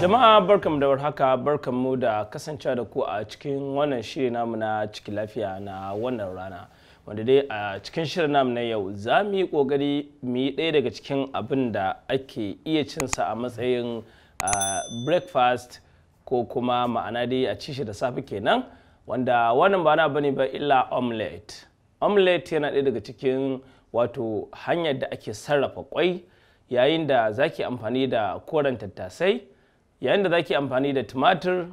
Jama'a barkam da warhaka mu da kasance da ku a cikin wannan shiri namu na ciki lafiya na wannan rana. Wanda dai a cikin shirin namu na yau za mu yi ƙoƙari mu yi ɗaya daga cikin abin da ake iya cinsa a matsayin breakfast ko kuma ma'ana dai a ci shi da safe kenan wanda wannan ba na bane ba illa omelette. Omelette yana ɗaya daga cikin wato hanyar da ake sarrafa kwai. yayin da za ki amfani da koren tattasai yayin da za ki amfani da tumatir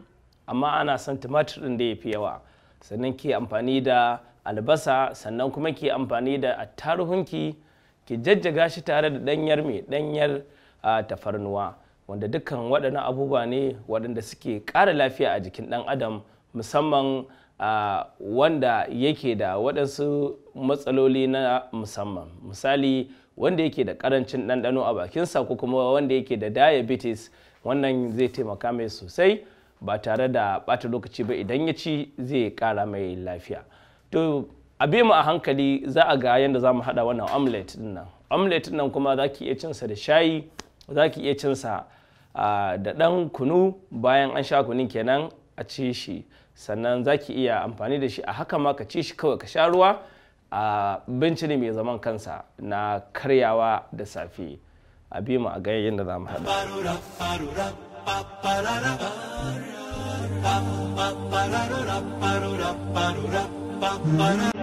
amma ana son tumatir ɗin da ya fi yawa sannan ki amfani da albasa sannan kuma ki amfani da attaruhunki ki jajjaga shi tare da ɗanyar mai ɗanyar tafarnuwa wanda dukkan waɗannan abubuwa ne waɗanda suke ƙara lafiya a jikin ɗan adam musamman wanda yake da waɗansu matsaloli na musamman misali wanda yake da karancin ɗanɗano a bakinsa ko kuma wanda yake da diabetes wannan zai taimaka mai sosai ba tare da ɓata lokaci ba idan ya ci zai kara mai lafiya to a bi mu a hankali za a ga yadda za mu haɗa wannan omelet dinnan nan omelet ɗin kuma za ki iya cinsa da shayi za ki iya cinsa da ɗan kunu bayan an sha kunun kenan a ci shi sannan za ki iya amfani da shi a haka ma ka ci shi kawai ka sha ruwa a bincini mai zaman kansa na karyawa da safe a bi mu a ga da za mu haɗu Mm-hmm.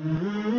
Mm-hmm.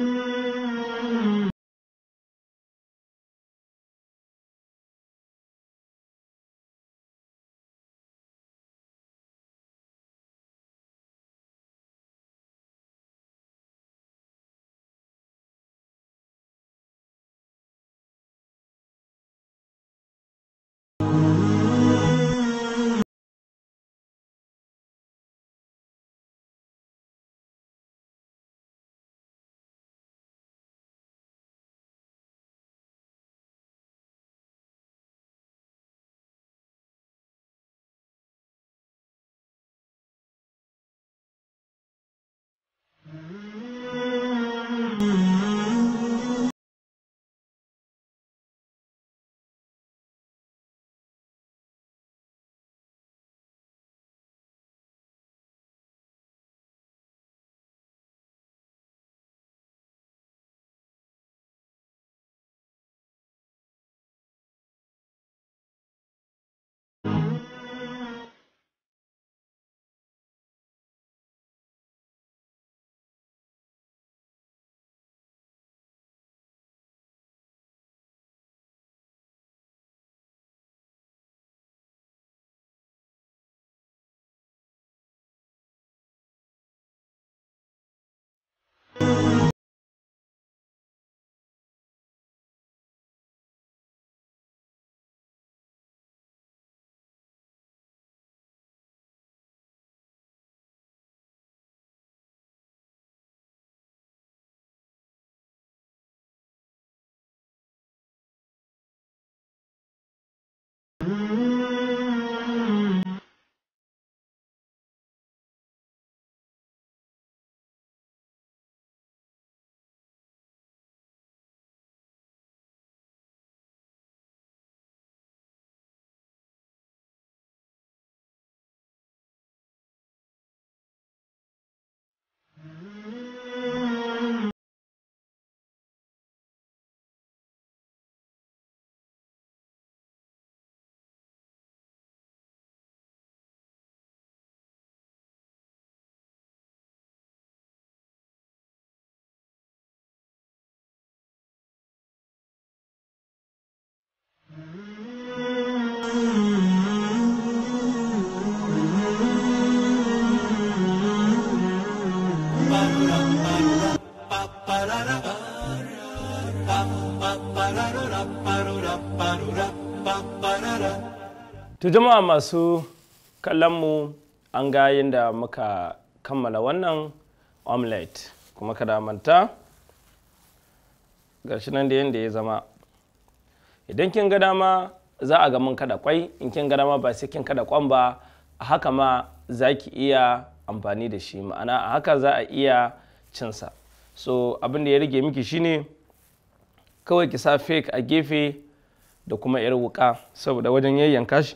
to jama'a masu kallonmu an ga yadda muka kammala wannan omelette kuma kada manta gashi nan da yadda ya zama idan kin ga dama za a ga mun kada kwai in kin ga dama ba sai kin kada kwan ba a haka ma za ki iya amfani da shi ma'ana a haka za a iya cinsa so abin da ya rage miki shine kawai ki sa fake a gefe da kuma 'yar wuka saboda wajen yayyanka shi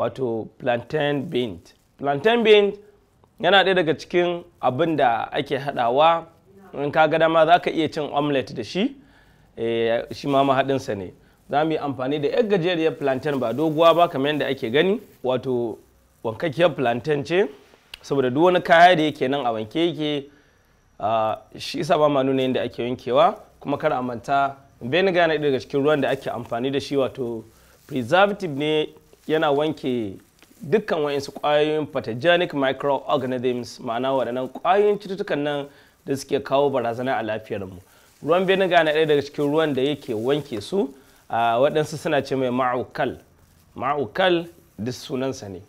wato plantain bean plantain bean yana ɗaya daga cikin abin da ake haɗawa in ka ga dama za ka iya cin omelette da shi eh, shi ma mahaɗinsa ne za mu yi amfani da yar gajeriyar plantain ba doguwa ba kamar yadda ake gani wato wankakkiyar plantain ce saboda duk wani kaya da yake nan a wanke yake shi isa ba ma nuna yadda ake wankewa kuma kar a manta vinegar na daga cikin ruwan da ake amfani da shi wato preservative ne yana wanke dukkan wa'insu ƙwayoyin pathogenic microorganisms ma'ana waɗannan ƙwayoyin cututtukan nan da suke kawo barazana a lafiyarmu ruwan beniga na ɗaya daga cikin ruwan da yake wanke su a waɗansu suna ce mai ma'aukal ma'aukal duk sunansa ne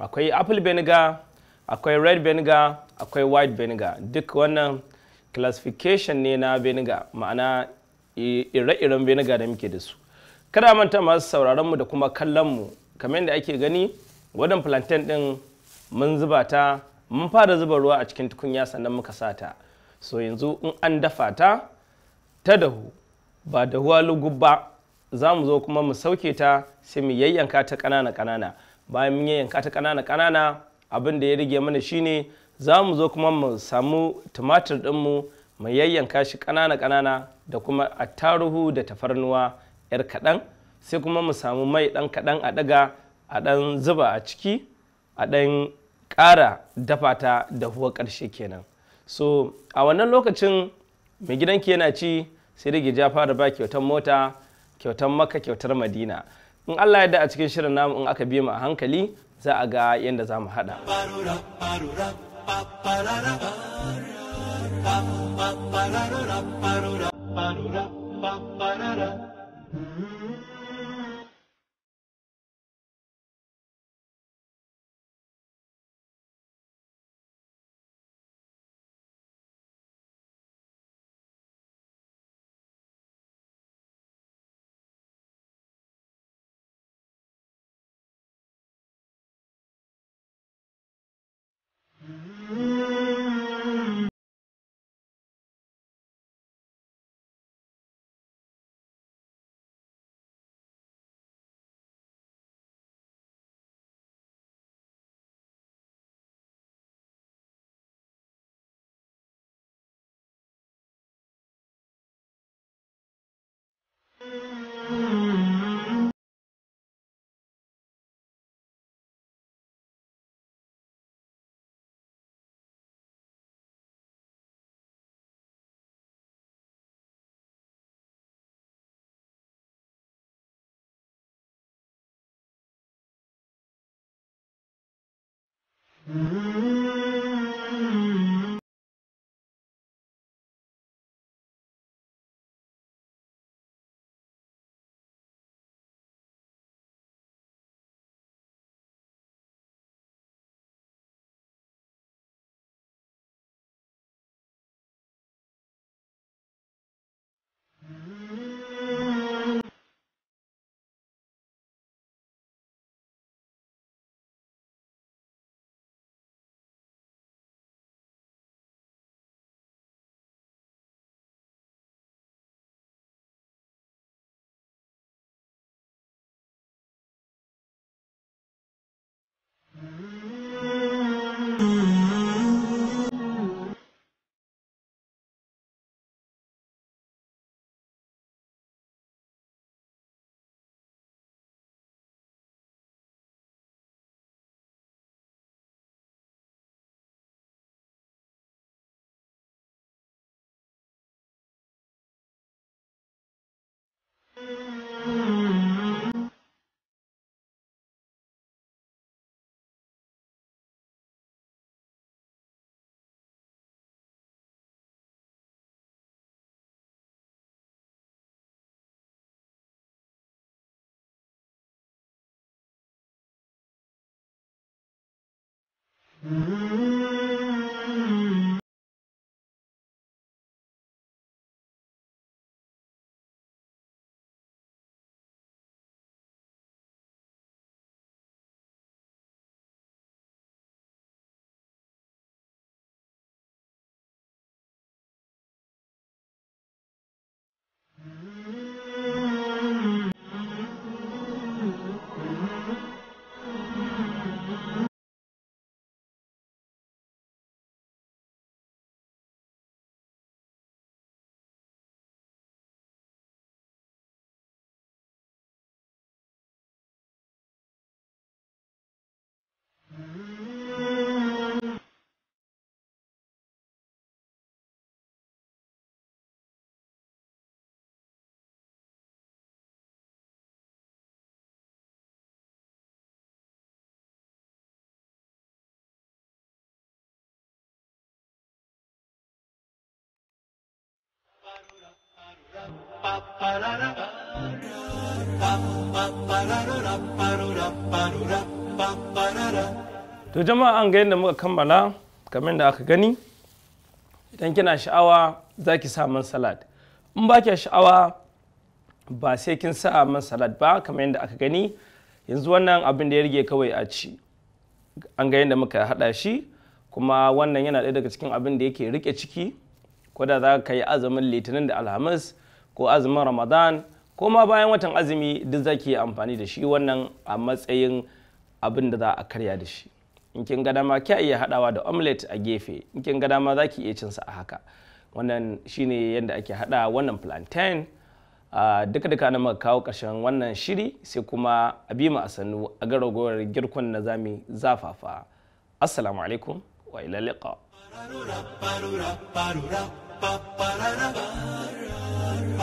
akwai apple beniga akwai red beniga akwai white beniga duk wannan classification ne na beniga ma'ana ire-iren beniga da muke da su kada manta masu sauraronmu da kuma kallon mu. kamar yadda ake gani wadan plantain din mun zuba ta mun fara zuba ruwa a cikin tukunya sannan muka sa ta so yanzu in an dafa ta ta dahu ba dahuwa lugub ba za mu zo kuma mu sauke ta sai mu yayyanka ta ƙanana kanana bayan mun yayyanka ta ƙanana kanana abin da ya rage mana shine za mu zo kuma mu samu tumatir ɗinmu mu yayyanka shi ƙanana ƙanana da kuma attaruhu da tafarnuwa 'yar kaɗan sai kuma mu samu mai ɗan kaɗan a ɗaga a ɗan zuba a ciki a ɗan ƙara dafa ta huwa ƙarshe kenan so a wannan lokacin mai gidanki yana ci sai da ja fara ba kyautar mota kyautar maka kyautar madina in allah yadda a cikin shirin namu in aka bi mu a hankali za a ga yadda za mu haɗa Mm-hmm. Mm-hmm. Mm-hmm. To jama'a an ga yadda muka kammala kamar da aka gani idan kina sha'awa za ki sa man salad in ba ki sha'awa ba sai kin sa man salad ba kamar yadda aka gani yanzu wannan abin da ya rige kawai a ci an ga yadda muka haɗa shi kuma wannan yana ɗaya daga cikin abin da yake rike ciki ko da za ka yi azumin litinin da alhamis ko azumin ramadan ko ma bayan watan azumi duk zaki amfani da shi wannan a matsayin abin da za a karya da shi in kin ga dama kya iya hadawa da omelette a gefe in kin ga dama zaki iya cin sa a haka wannan shine yadda ake hada wannan plantain duka duka na muka kawo ƙarshen wannan shiri sai kuma a bi mu a sannu a ga ragowar girkon na zami zafafa assalamu alaikum wa ila liqa